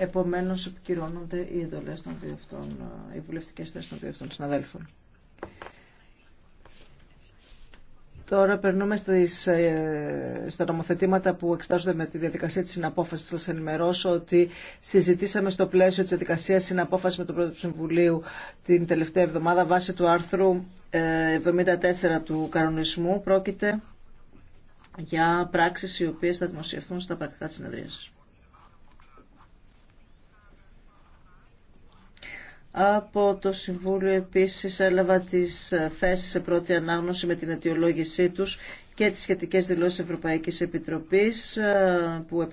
Επομένω, επικυρώνονται οι εντολέ των δύο οι βουλευτικές των δύο αυτών συναδέλφων. Τώρα περνούμε στις, ε, στα νομοθετήματα που εξετάζονται με τη διαδικασία της συναπόφασης. Θα σας ενημερώσω ότι συζητήσαμε στο πλαίσιο της διαδικασίας συναπόφασης με τον Πρόεδρο του Συμβουλίου την τελευταία εβδομάδα βάσει του άρθρου 74 ε, του κανονισμού. Πρόκειται για πράξεις οι οποίες θα δημοσιευθούν στα πρακτικά της συνεδρίασης. Από το Συμβούλιο επίσης έλαβα τις θέσεις σε πρώτη ανάγνωση με την αιτιολόγησή τους και τις σχετικές δηλώσεις Ευρωπαϊκής Επιτροπής ε, που